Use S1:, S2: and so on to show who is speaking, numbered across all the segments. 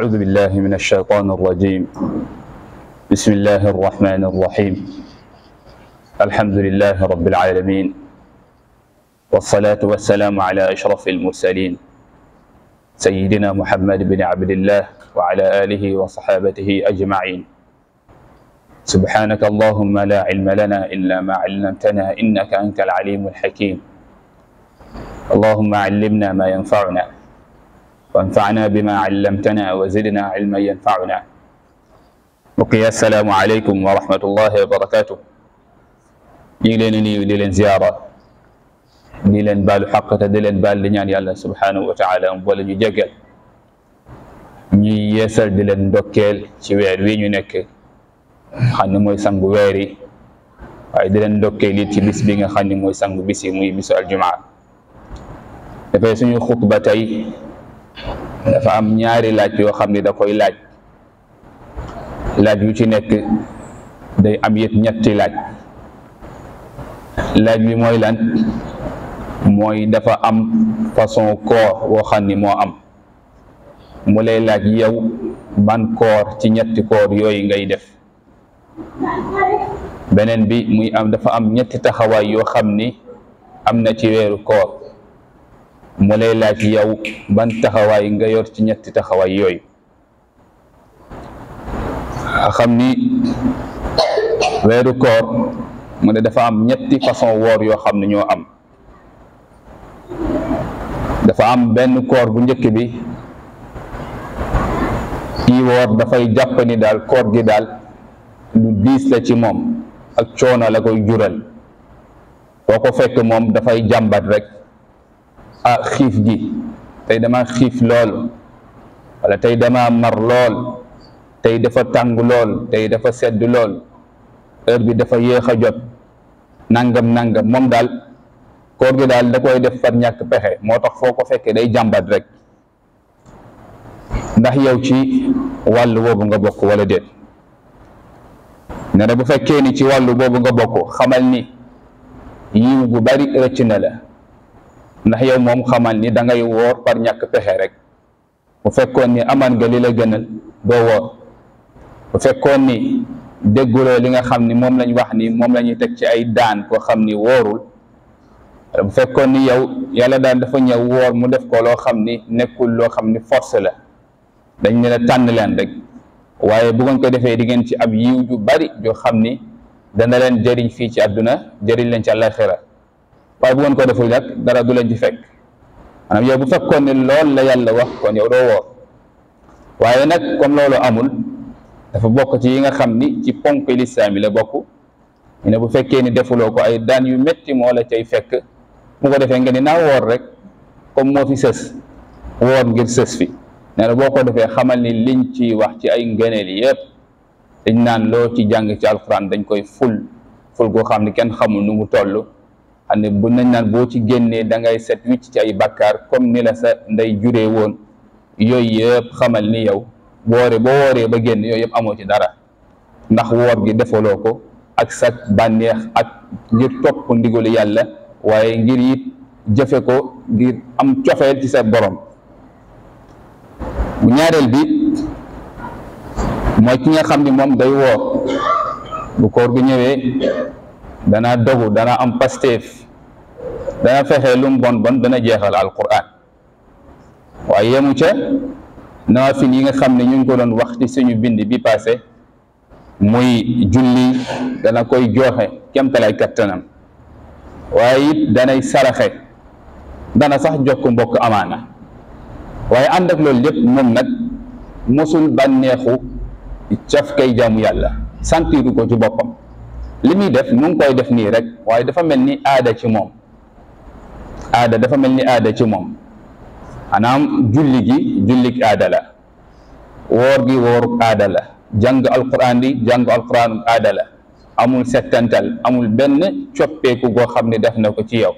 S1: أعوذ بالله من الشيطان الرجيم بسم الله الرحمن الرحيم الحمد لله رب العالمين والصلاة والسلام على أشرف المرسلين سيدنا محمد بن عبد الله وعلى آله وصحابته أجمعين سبحانك اللهم لا علم لنا إلا ما علمتنا إنك أنت العليم الحكيم اللهم علمنا ما ينفعنا وانفعنا بما علمتنا وزدنا علما ينفعنا وقيا السلام عليكم ورحمة الله وبركاته يلين نيو يلين زيارة يلين بال حقة يلين بال لنيان يالا سبحانه وتعالى ولن يجغل ني يسر يلين دوكيل شوير وين ينك خان موي سنگ ويري واي يلين دوكيل يتي بس بيغا خان موي سنگ بسي موي بسو الجمعة دفاي سنو خطبة تاي dafa am ñaari laaj yoo xam ne da koy laaj laaj yu ci nekk day am yëpp ñetti laaj laaj bi mooy lan mooy dafa am façon koor woo xam ni moo am mu lay laaj yow ban koor ci ñetti koor yooyu ngay def beneen bi muy am dafa am ñetti taxawaay yoo xam ni am na ci weeru koor mu lay laaj yow ban taxawaay nga yor ci ñetti taxawaay yooyu xam ni weeru koor mu ne dafa am ñetti façon woor yoo xam ne ñoo am dafa am benn koor bu njëkk bi kii woor dafay jàpp ni daal koor gi daal lu diis la ci moom ak coono la koy jural foo ko fekk moom dafay jàmbat rek آه، خيف دي تاي داما خيف لول ولا تاي دما مر لول تاي دافا تانغ لول تاي دافا سد لول هر بي دافا ييخا جوت نانغام نانغام موم دال كور دي دال داكوي ديف فار نياك بخه موتاخ فوكو فكي داي جامبات رك ناخ ياو تي والو بوبو nga bokk wala det nena bu fekke ni ci walu bobu nga bokk xamal ni yimu bu bari rëcc na la ndax yow mom xamal ni da ngay wor par ñak pexe rek bu fekkoon ni aman ga lila gënal do wor bu fekkoon ni dégguloo li nga xamni mom lañ wax ni mom lañuy tek ci ay daan ko xamni worul bu fekkoon ni yow yalla daan dafa ñew wor mu def ko lo xamni nekkul lo xamni force la dañ ne la tan leen rek waye bu ngeen ko defé di ngeen ci ab yiw ju bari jo xamni dana leen jëriñ fi ci aduna jëriñ leen ci waaye bu ngeen ko deful nag dara du leen ci fekk maanaam yow bu fekkoon ne lool la yàlla wax kon yow doo woor waaye nag comme loolu amul dafa bokk ci yi nga xam ni ci ponk lislaam yi la bokk ñu ne bu fekkee ni defuloo ko ay daan yu métti moo la cay fekk mu ko defee nga ni naa woor rek comme moo fi sës woor ngir sës fi nee boo ko defee xamal ni liñ ci wax ci ay ngëneel yëpp dañ naan loo ci jàng ci alquran dañ koy ful ful goo xam ni kenn xamul nu mu toll xam ne bu nañ naan boo ci génnee da ngay set wicc ci ay bàkkaar comme ni la sa nday jure woon yooyu yëpp xamal ni yow woore boo wooree ba génn yooyu yëpp amoo ci dara ndax woor gi defaloo ko ak sa bànneex ak ngir topp ndigalu yàlla waaye ngir it jëfe ko ngir am cofeel ci sa borom ñaareel bi mooy ki nga xam ni moom day woor bu koor gi ñëwee dana dogu dana am pastef dana fexé lum bon bon dana jéxal alquran waye mu ca nafil yi nga xamné ñu ko doon wax ci suñu bind bi passé muy julli dana koy joxé kem talay katanam waye dana saraxé dana sax jokk mbokk amana. waye and ak lool lepp mom nak musul banexu ci tafkay jamu yalla santiru ko ci bopam li muy def mu koy def nii rek waaye dafa mel ni aada ci moom aada dafa mel ni aada ci moom maanaam julli gi jullik aadala la woor gi wooru aada la jàng alquran di jàng alquran aada amul settantal amul benn coppeeku goo xam ne def na ko ci yow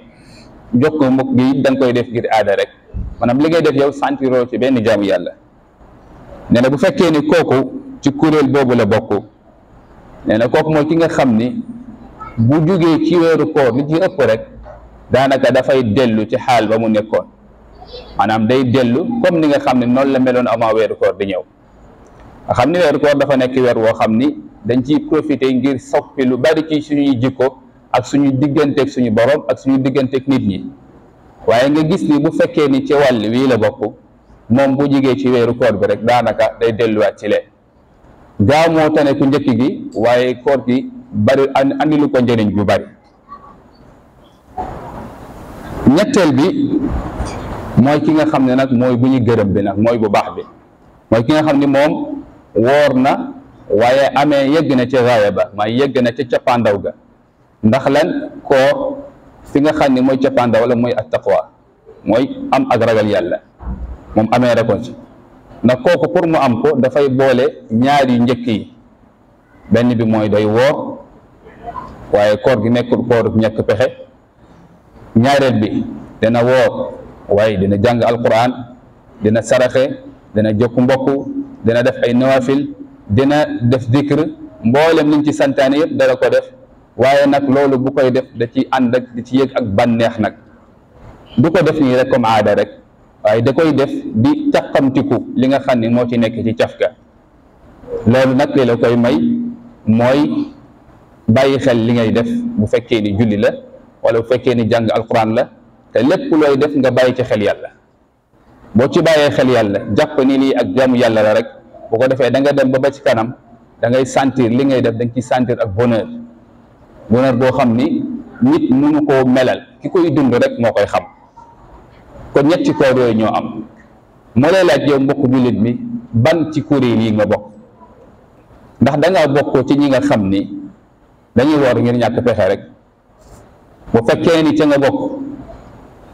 S1: jokko mbokk gi da koy def ngir aada rek maanaam li ngay def yow sentiroo ci benn jaamu yàlla ne na bu fekkee ni kooku ci kuréel boobu la bokk nee na kooku mooy ki nga xam ni bu jógee ci weeru koor li ci ëpp rek daanaka dafay dellu ci xaal ba mu nekkoon maanaam day dellu comme ni nga xam ne noonu la meloon avant weeru koor di ñëw xam ni weeru koor dafa nekk weer woo xam ni dañ ciy profité ngir soppi lu bari ci suñuy jikko ak suñu digganteeg suñu borom ak suñu digganteeg nit ñi waaye nga gis ni bu fekkee ni ci wàll wii la bokk moom bu jugee ci weeru koor bi rek daanaka day delluwaat ci leen gaaw moo tane ku njëkk gi waaye koor gi bari andi lu ko njëriñ bu bari ñetteel bi mooy ki nga xam ne nag mooy bu ñuy gërëm bi nag mooy bu baax bi mooy ki nga xam ne moom woor na waaye amee yegg na ci raaya ba ma yegg na ci cappaandaw ga ndax lan koor fi nga xam ni mooy cappaandaw la mooy ak taqwa mooy am ak ragal yàlla moom amee réponse nag kooku pour mu am ko dafay boole ñaari njëkk yi benn bi mooy day woor waaye koor gi nekkul koor ñàkk pexe ñaareel bi dana woor waaye dina jàng alquran dana saraxe dana jokk mbokk dana def ay nawafil dina def dikr mboolem liñ ci santaane yëpp dara ko def waaye nag loolu bu koy def da ci ànd ak di ci yëg ak bànneex nag du ko def nii rek comme aada rek waaye da koy def bi caqamtiku li nga xam ne moo ci nekk ci caf ga loolu nag li la koy may mooy bàyyi xel li ngay def bu fekkee ni julli la walla bu fekkee ni jàng alquran la te lépp looy def nga bàyyi ci xel yàlla boo ci bàyyee xel yàlla jàpp ni lii ak jaamu yàlla la rek boo ko defee da nga dem ba ba ci kanam dangay sentir li ngay def danga ci ciy sentir ak bonheur bonheur boo xam ni nit mënu koo melal ki koy dund rek moo koy xam kon ñetti koor yooyu ñoo am moo lay laaj yow mbokk jullit mi ban ci kuréel yi nga bokk ndax dangaa bokk ci ñi nga xam ni dañuy woor ngir ñàkk pexe rek bu fekkee ni ca nga bokk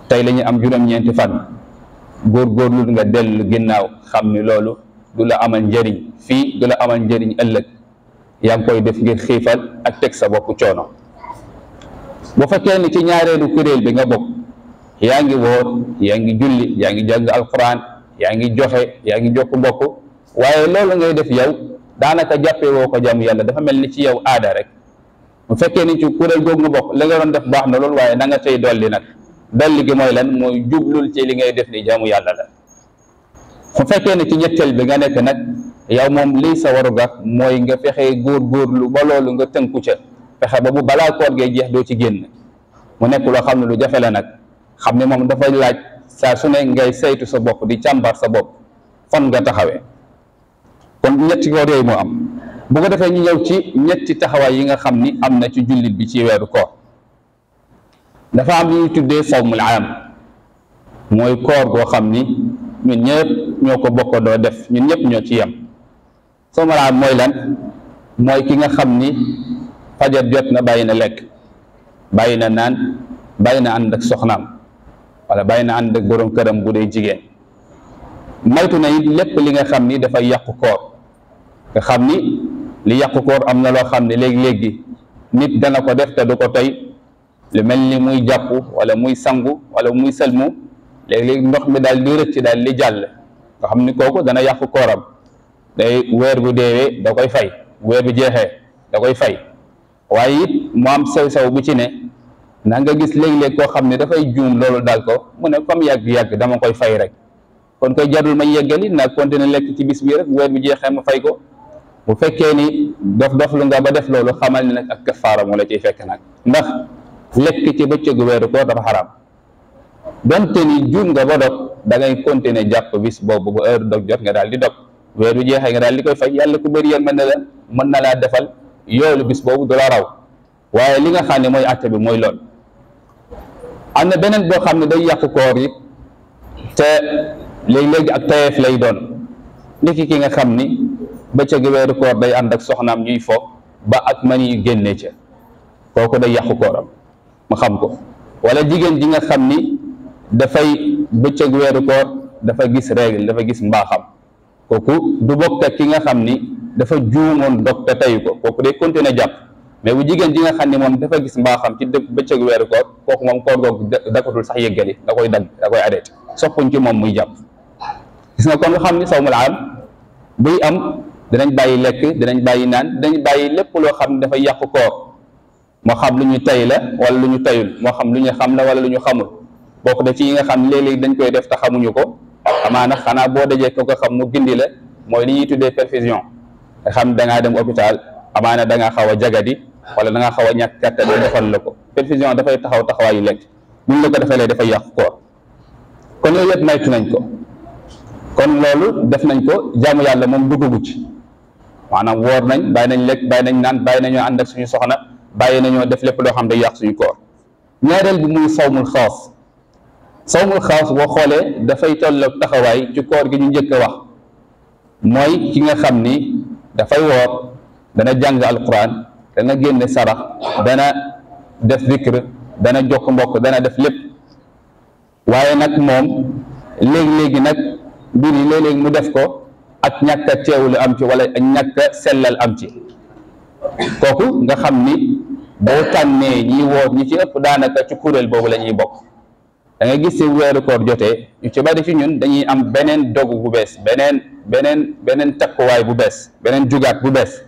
S1: tey la ñu am juróom-ñeenti fan góorgóorlu nga dellu ginnaaw xam ni loolu du la amal njëriñ fii du la amal njëriñ ëllëg yaa ngi koy def ngir xiifal ak teg sa bopp coono bu fekkee ni ci ñaareelu kuréel bi nga bokk yaa ngi woor yaa ngi julli yaa ngi jàng alquran yaa ngi joxe yaa ngi jokk mbokk waaye loolu ngay def yow daanaka jàppee woo ko jaamu yàlla dafa mel ni ci yow aada rek bu fekkee ni ci kuréel googu nga bokk la nga doon def baax na loolu waaye na tey dolli nag dolli gi lan mooy jublul ci li ngay def ni jaamu yàlla la bu fekkee ne ci ñetteel bi nga nekk nag yow moom lii sa warugar mooy nga fexe góorgóorlu ba loolu nga tënku ca fexe ba bu balaa koor gee jeex doo ci génn mu nekk loo xam ne lu jafe la nag xam ne moom dafa laaj saa su ne ngay saytu sa bokk di càmbar sa bopp fan nga taxawee kon ñetti koor yooyu moo am bu ko defee ñu ñëw ci ñetti taxawaay yi nga xam ni am na ci jullit bi ci weeru koor dafa am lu ñu tuddee sawmul aam mooy koor goo xam ni ñun ñoo ko bokk doo def ñun ñëpp ñoo ci yem sawmul mooy lan mooy ki nga xam ni fajar jot na bàyyi na lekk bàyyi na naan bàyyi na ànd ak soxnaam wala bàyyi na ànd ak gorom këram bu dee jigéen moytu na it lépp li nga xam ni dafay yàqu koor xam ni li yàqu koor am na loo xam ne léegi-léegi nit dana ko def te du ko tey lu mel ni muy jàppu wala muy sangu wala muy sëlmu léegi-léegi ndox mi daal di rëcc daal di jàll nga xam ni kooku dana yàqu kooram day weer bu deewee da koy fay weer bu jeexee da koy fay waaye it mu sew-sew bu ci ne ndax nga gis léeg-léeg koo xam ne dafay juum loolu daal ko mu ne comme yàgg-yàgg dama koy fay rek kon koy jarul ma yeggali naa continuer lekk ci bis bi rek weer bi jeexee ma fay bu fekkee ni dof dof lu nga ba def loolu xamal ni nag ak kafaara moo la ciy fekk nag ndax lekk ci bëccëgu weeru koor dafa xaraam donte ni juum nga ba dog da ngay jàpp bis boobu ba heure dog jot nga daal di dog weer bi jeexee nga daal li koy fay yàlla ku bëri yéen mën na la mën na laa defal yoolu bis boobu du la raw waaye li nga xam ne mooy àtte bi mooy lool amna benen bo xamne day yak koor yi te léegi-léegi ak tayef lay doon niki ki nga xamni ni ca weeru koor day and ak soxnam ñuy fo ba ak mani yu genné ca koku day yak kooram ma xam ko wala jigen ji nga da ni ba ca weeru koor fa gis règle fa gis mbaxam koku du bokk ki nga xamni ni fa juumoon dok te tayu ko kooku day continuer japp mais bu jigéen ji nga xam ne moom dafa gis mbaaxam ci dëkk bëccëg weeru koor kooku moom koor googu dakkatul sax yëggali da koy dagg da koy arrêté soppuñ ci moom muy jàpp gis nga kon nga xam ne sawmul aam buy am dinañ bàyyi lekk dinañ bàyyi naan dinañ bàyyi lépp loo xam ne dafay yàq koor moo xam lu ñu tay la wala lu ñu tayul moo xam lu ñu xam la wala lu ñu xamul bokk da ci yi nga xam ne léeg dañ koy def te xamuñu ko xamaa amaana xanaa boo dajee ko ko xam mu gindi la mooy li ñuy tuddee perfusion nga xam dangaa dem hôpital amaana dangaa xaw a jagadi wala da ngaa xaw a ñàkk kàttan ba defal la ko perfusion dafay taxaw taxawaayu lekk mun la ko defalee dafay yàq koor kon yooyu yëpp maytu nañ ko kon loolu def nañ ko jaamu yàlla moom duggagu ci maanaam woor nañ bàyyi nañ lekk bàyyi nañ naan bàyyi nañoo ànd ak suñu soxna bàyyi nañoo def lépp loo xam day yàq suñu koor ñaareel bi muy mu sawmul xaas sawmul xaas boo xoolee dafay tolloog taxawaay ci koor gi ñu njëkk a wax mooy ki nga xam ni dafay woor dana jàng alquran danga génne sarax dana def zikr dana jokk mbokk dana def lépp waaye nag moom léegi-léegi nag mbir yi léeg mu def ko ak ñàkk a teewlu am ci wala ñàkk a sellal am ci kooku nga xam ni boo tànnee ñi woor ñi ci ëpp daanaka ci kuréel boobu lañuy bokk danga gis si weeru koor jotee ñu ci bari ci ñun dañuy am beneen dogu bu bees beneen beneen beneen takkuwaay bu bees beneen jugaat bu bees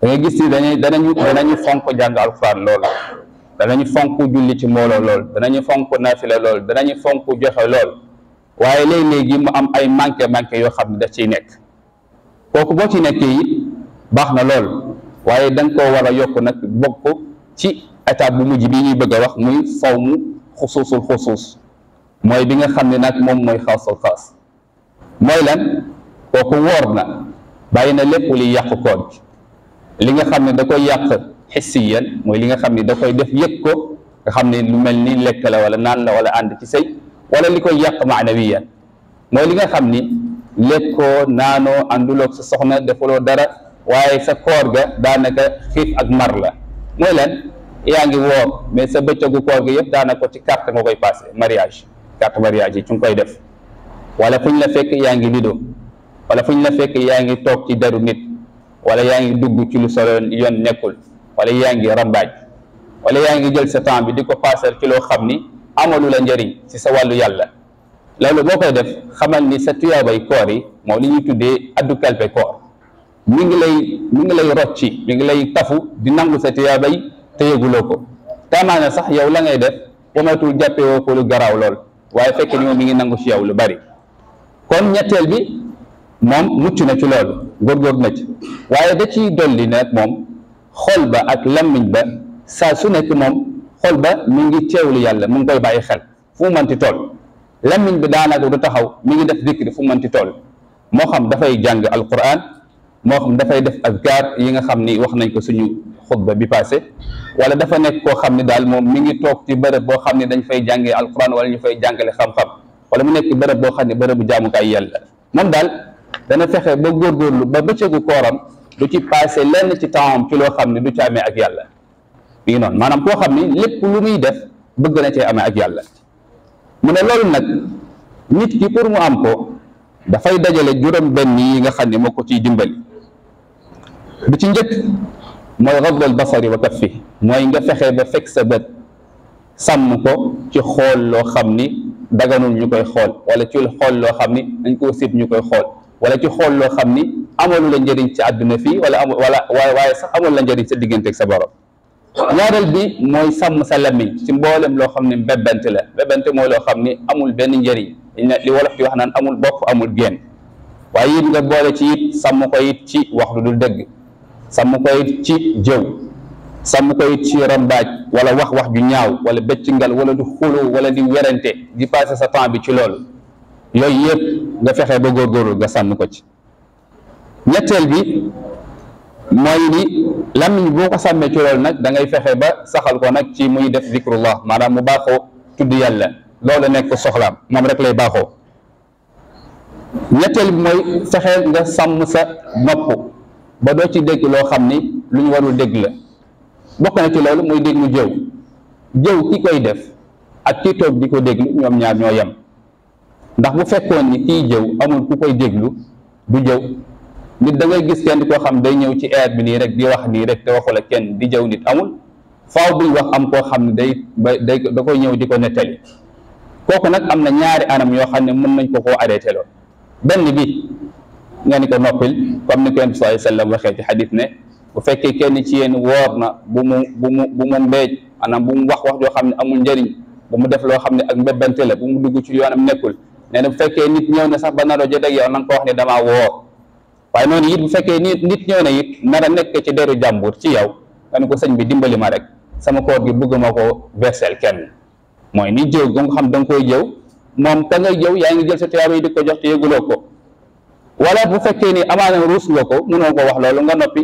S1: da ngay gis ni dañuy danañu danañu fonk jàng alxuraan lool danañu fonk julli ci mbooloo lool danañu fonk nafila lool danañu fonk joxe lool waaye léeg-léegi mu am ay manqué manqué yoo xam ne daf ciy nekk kooku boo ci nekkee it baax na lool waaye da nga koo war a yokk nag bokk ci étape bu mujj bi ñuy bëgg a wax muy saw mu xusuusul xusuus mooy bi nga xam ne nag moom mooy xaasul xaas mooy lan kooku woor na bàyyi na lépp li yàq koor li nga xam ne da koy yàq xissiyan mooy li nga xam ne da koy def yëg ko nga xam ne lu mel ni lekk la wala naan la wala ànd ci sëy wala li koy yàq maanawiyan mooy li nga xam ni lekkoo naanoo ànduloog sa soxna defuloo dara waaye sa koor ga daanaka xiif ak mar la mooy lan yaa ngi woor mais sa bëccëgu koor gi yëpp daanaka ko ci carte nga koy passé mariage carte mariage yi ci nga koy def wala fu ñu la fekk yaa ngi toog ci deru nit wala yaangi dugg ci lu solo yon nekul wala yaangi ngi rambaaj wala yaangi jël sa temps bi diko passer ci lo xamni amalu la ndari ci sa walu yalla lolu bokay def xamal ni sa tiyabay koor yi mo li ñuy tuddé addu kalpe koor mi ngi lay mi ngi lay rocci mi ngi lay tafu di nangu sa tiyabay teyeguloko tamana sax yow la ngay def jappé wo ko lu garaaw lol waye fekk ni mo mi ngi nangu ci yow lu bari kon ñettel bi mom mucc na ci gor gor na ci waye da ci doli nag mom xol ba ak lamign ba sa su nek mom xol ba mi ngi tewlu yàlla mu ngoy baye xel fu man ti tol lamign bi daanaka du taxaw mi ngi def zikri fu man ti tol mo xam fay jàng alquran mo xam fay def azkar yi nga xam ni wax nañ ko suñu khutba bi passé wala dafa nek ko xamni dal mom mi ngi tok ci bërëb bo xamni dañ fay jàngé alcorane wala ñu fay jàngale xam-xam wala mu nekk bo xamni xam bu jaamu kay yàlla mom dal dana fexe ba góorgóorlu ba bëccëgu kooram du ci passé lenn ci tempsam ci loo xam ne du ci amee ak yàlla mi ngi noonu maanaam koo xam ni lépp lu muy def bëgg na cee amee ak yàlla mu ne loolu nag nit ki pour mu am ko dafay dajale juróom benn yi nga xam ni moo ko ciy dimbali bi ci njëkk mooy ghaddul basari wa fi mooy nga fexe ba fekk sa bët sàmm ko ci xool loo xam ni daganul ñu koy xool wala ci xool loo xam ni dañ koo sib ñu koy xool wala ci xool loo xam ni amalu la njëriñ ci àdduna fii wala am wala waaye sax amul la njariñ sa diggante ak sa borom ñaareel bi mooy sàmm sa lamiñ ci mboolem loo xam ne mbébante la mbébante mooy loo xam ni amul benn njariñ li wolof di wax naan amul bopp amul génn waaye it nga boole ci it sàmm ko it ci wax lu dul dëgg sàmm ko it ci jëw sàmm ko it ci rambaaj wala wax wax ju ñaaw wala bëcc ngal wala du xuloo wala di werante di passé sa temps bi ci loolu yooyu yëpp nga fexe ba góor góorgóorlu nga sàmm ko ci ñetteel bi mooy ni làmmiñ boo ko sàmmee ci loolu nag dangay fexe ba saxal ko nag ci muy def zikrullah maanaam mu baaxoo tudd yàlla loolu nekk soxlaam moom rek lay baaxoo ñetteel bi mooy fexe nga sàmm sa nopp ba doo ci dégg loo xam ni lu ñu warul dégg la bokk na ci loolu muy déglu jëw jëw ki koy def ak ki toog di ko déglu ñoom ñaar ñoo yem ndax bu fekkoon ni kii jëw amul ku koy déglu du jëw nit dangay gis kenn koo xam ne day ñëw ci air bi nii rek di wax nii rek te waxul ak kenn di jëw nit amul faaw buy wax am koo xam ne day day da koy ñëw di ko nettali kooku nag am na ñaari anam yoo xam ne mën nañ ko koo arrêté lool benn bi nga ni ko noppil comme ni kenn yonent bi sallallahu waxee ci xadis ne bu fekkee kenn ci yéen woor na bu mu bu mu bu mu mbeej anam bu mu wax wax yoo xam ne amul njëriñ bu mu def loo xam ne ak mbébante bu mu dugg ci yoonam nekkul nee bu fekkee nit ñëw na sax ba naroo jot ak yow na nga ko wax ne damaa woo waaye noonu it bu fekkee nit nit ñëw na it nar a nekk ci deru jàmbur ci yow nga ko sëñ bi dimbali ma rek sama koor gi bëgg ko versel kenn mooy ni jëw nga xam da koy jëw moom ka jëw yaa ngi jël sa tuyaaba ko jox te yëguloo ko wala bu fekkee ni amaana ruus nga ko mënoo ko wax loolu nga noppi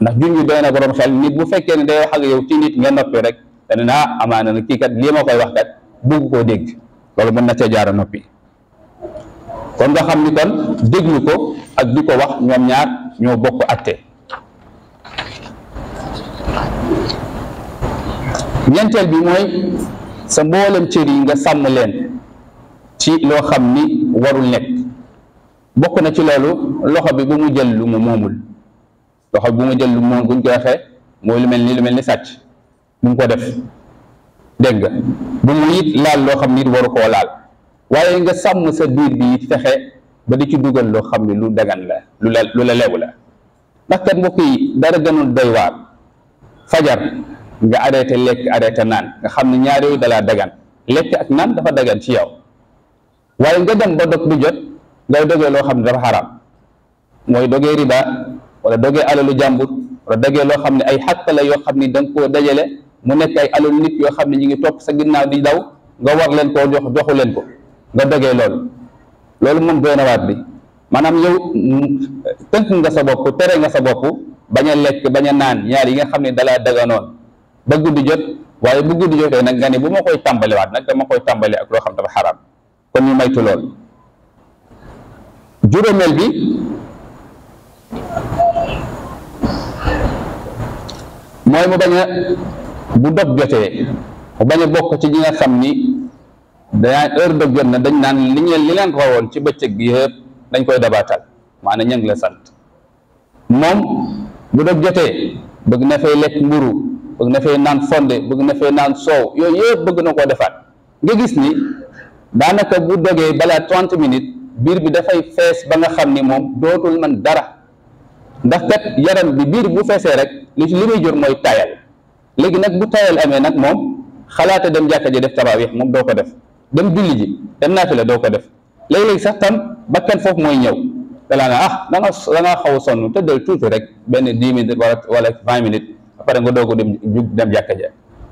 S1: ndax jun ñu doy na borom xel nit bu fekkee ne day wax ak yow ci nit nga noppi rek dana naa ah, amaana na kii kat lii ma koy wax kat bëgg koo dégg loolu mën na cee jaara noppi kon nga xam ni kon déglu ko ak di ko wax ñoom ñaar ñoo bokk atte ñeenteel bi mooy sa mboolem cër yi nga sàmm leen ci loo xam ni warul nekk bokk na ci loolu loxo bi bu mu jël lu mu moomul loxo bi bu mu jël lu mu moom buñ ko waxee lu mel ni lu mel ni sàcc bu mu ko def dégg nga bu mu it laal loo xam ni it waru koo laal waaye nga sàmm sa biir bi it fexe ba di ci dugal loo xam ne lu dagan la lu la lu la la ndax kat mbokk yi dara gënul doy waar fajar nga arrêté lekk arrêté naan nga xam ne ñaar yooyu dalaa dagan lekk ak naan dafa dagan ci yow waaye nga dem ba dog du jot ngay dogee loo xam ne dafa xaraam mooy dogee riba wala dogee alalu jàmbur wala dogee loo xam ne ay xàq la yoo xam ni danga koo dajale mu nekk ay alalu nit yoo xam ne ñu ngi topp sa ginnaaw di daw nga war leen koo jox joxu leen ko nga dogee loolu loolu moom doy waat bi maanaam yow mm, tënk nga sa bopp tere nga sa bopp bañ a lekk bañ a naan ñaar yi nga xam ne dalaa daganoon ba guddi jot waaye bu guddi jotee nag nga ne bu ma koy tàmbaliwaat nag dama koy tàmbali ak loo xam dafa xaraam kon ñu maytu lool juróomeel bi mooy mu bañ bu dog jotee bañ a bokk ci ñi nga xam ni dañaa heure dog jot na dañ naan li ñu li leen rawoon ci bëccëg bi yëpp dañ koy dabaatal maanaam ña ngi la sant moom bu dog jotee bëgg na fay lekk mburu bëgg na fay naan fonde bëgg na fay naan soow yooyu yëpp bëgg na koo defaat nga gis ni daanaka bu dogee balaa trente minutes biir bi dafay fees ba nga xam ni moom dootul man dara ndax kat yaram bi biir bu feesee rek li ci li muy jur mooy taayal léegi nag bu tayal amee nag moom xalaata dem jàkka ji def tarawih moom doo ko def dem julli ji dem la doo ko def léeg-léeg sax tam bakkan foofu mooy ñëw dalaa nga ah da nga da ngaa xaw a sonn tëddal tuuti rek benn dix minutes wala wala vingt minutes après nga doog dem jug dem jàkka ja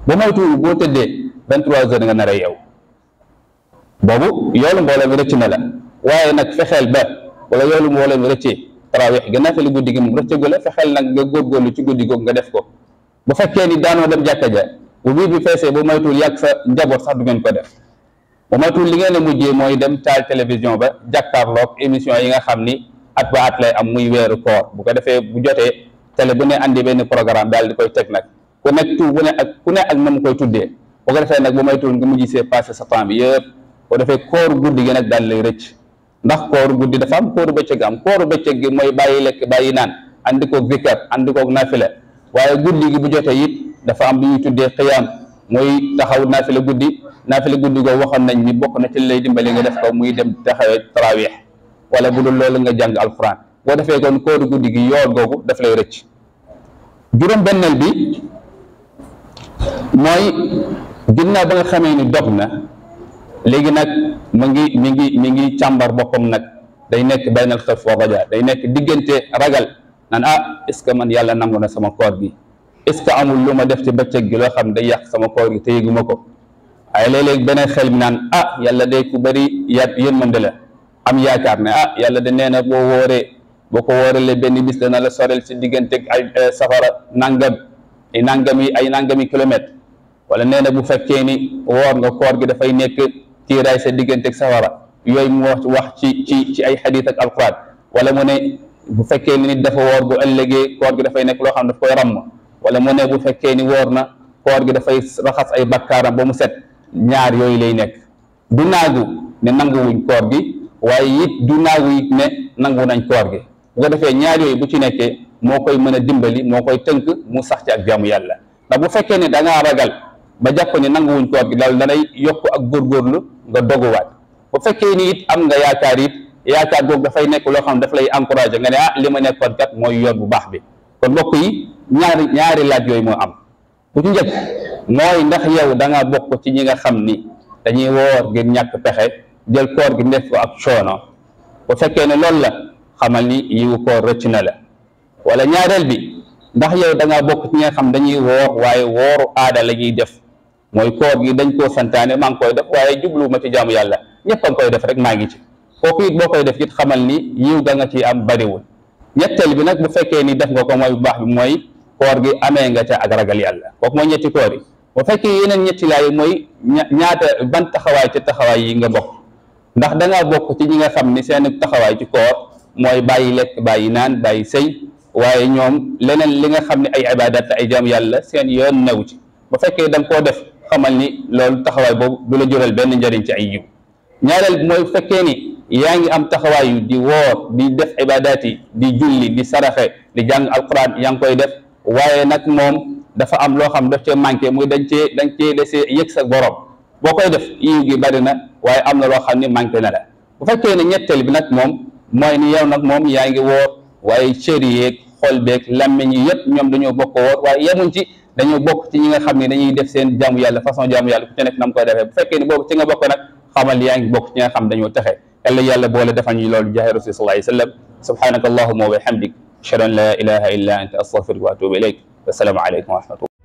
S1: ba moytu boo tëddee vingt trois heures nga nar yow boobu yoolu mbooloo mi rëcc na la waaye nag fexeel ba wala yoolu mbooloo mi rëccee tarawih gi naafila guddi gi moom rëccagula fexeel nag nga góorgóorlu ci guddi googu nga def ko bu fekkee ni daanoo dem jàkka ja bu biir bi feesee bu moytuwul yàgg sa njaboot sax du ngeen ko def bu moytuwul li ngeen a mujjee mooy dem taal télévision ba jàkkaarloog émission yi nga xam ni at ba at lay am muy weeru koor bu ko defee bu jotee télé bu ne andi benn programme daal di koy teg nag ku nekk ne ak ku ne ak na koy tuddee bu ko nag bu moytuwul nga mujj see passé sa temps yëpp bu defee koor guddi gi nag daal lay ndax koor guddi dafa am kooru bëccëg am kooru bëccëg gi mooy bàyyi lekk bàyyi naan andi koog zikar andi koog nafila waaye guddi gi bu jotee it dafa am lu ñuy tuddee xiyaam muy taxaw la guddi naafila guddi goo waxoon nañ ni bokk na te lay dimbali nga def ko muy dem taxawee taraweex wala bu dul loolu nga jàng alquran boo defee kon kóoru guddi gi yoor googu daf lay rëcc juróom-benneel bi mooy ginnaaw ba nga xamee ni dog na léegi nag mu ngi mu ngi mi ngi càmbar boppam nag day nekk baynal xëf day nekk diggante ragal naan ah est ce que man yàlla nangu na sama koor gi est ce que amul lu ma def ci bëccëg gi loo xam day yàq sama koor gi te yëguma ko ay léeg-léeg beneen xel mi naan ah yàlla de ku bëri yaat yéen mën de la am yaakaar ne ah yàlla da nee na boo wooree boo ko wooralee benn bis da dana la sorel ci diggante ay eh, safara nangam ay nangami ay nangami kilomètre wala nee na bu fekkee ni woor nga koor gi dafay nekk kiiraay sa diggante ak safara yooyu mu wax ci ci ci ay xadiis ak alquran mu ne bu fekkee ni nit dafa woor bu ëllëgee koor gi dafay nekk loo xam ne daf koy ramm wala mu ne bu fekkee ni woor na koor gi dafay raxas ay bakkaaram ba mu set ñaar yooyu lay nekk du naagu ne nanguwuñ koor gi waaye it du naagu it ne nangu nañ koor gi bu ko defee ñaar yooyu bu ci nekkee moo koy mën a dimbali moo koy tënk mu sax ci ak jaamu yàlla ndax bu fekkee ne da ngaa ragal ba jàpp ne nanguwuñ koor gi daal danay yokk ak góorgóorlu nga doguwaat nga yaakaar it yaakaar googu dafay nekk loo xam daf lay encouragé nga ne ah li ma nekkoon kat mooy yoon bu baax bi kon mbokk yi ñaari ñaari laaj yooyu moo am bu ci mooy ndax yow da nga bokk ci ñi nga xam ni dañuy woor ngir ñàkk pexe jël koor gi def ko ak coono bu fekkee ne loolu la xamal ni yiwu koor rëcc na la wala ñaareel bi ndax yow da nga bokk ci nga xam dañuy woor waaye wooru aada la ñuy def mooy koor gi dañ koo santaane maa ngi koy def waaye jublu ma ci jaamu yàlla ñëpp koy def rek maa ngi ci kooku it boo koy def it xamal ni yiw ga nga ci am bariwul ñetteel bi nag bu fekkee ni def nga ko mooy bu baax bi mooy koor gi amee nga ca ak ragal yàlla kooku mooy ñetti koor yi bu fekkee yeneen ñetti laay mooy ñaata ban taxawaay ci taxawaay yi nga bokk ndax da bokk ci ñi nga xam ni seen taxawaay ci koor mooy bàyyi lekk bàyyi naan bàyyi sëy waaye ñoom leneen li nga xam ne ay ibadat ay jaam yàlla seen yoon new ci bu fekkee da koo def xamal ni loolu taxawaay boobu du la jural benn njëriñ ci ay yiw fekkee ni yaa ngi am taxawaayu di woor di def ibadaat di julli di saraxe di jàng alquran yaa ngi koy def waaye nag moom dafa am loo xam daf cee manqué muy dañ cee dañ cee dese yëg sa borom boo koy def yiw gi bari na waaye am na xam ne manqué na la bu fekkee ne ñetteel bi nag moom mooy ni yow nag moom yaa ngi woor waaye cër yeeg xol beeg làmmiñ yi ñoom dañoo bokk woor waaye yemuñ ci dañoo bokk ci ñi nga xam ni dañuy def seen jaamu yàlla façon jaamu yàlla ku ci nekk na bu fekkee ne boobu ci nga bokk nag xamal yaa ngi bokk ci nga xam dañoo texe يلا يلا بولا دفعني لول جاه رسول الله صلى الله عليه وسلم سبحانك اللهم وبحمدك شرا لا اله الا انت استغفرك واتوب اليك والسلام عليكم ورحمه الله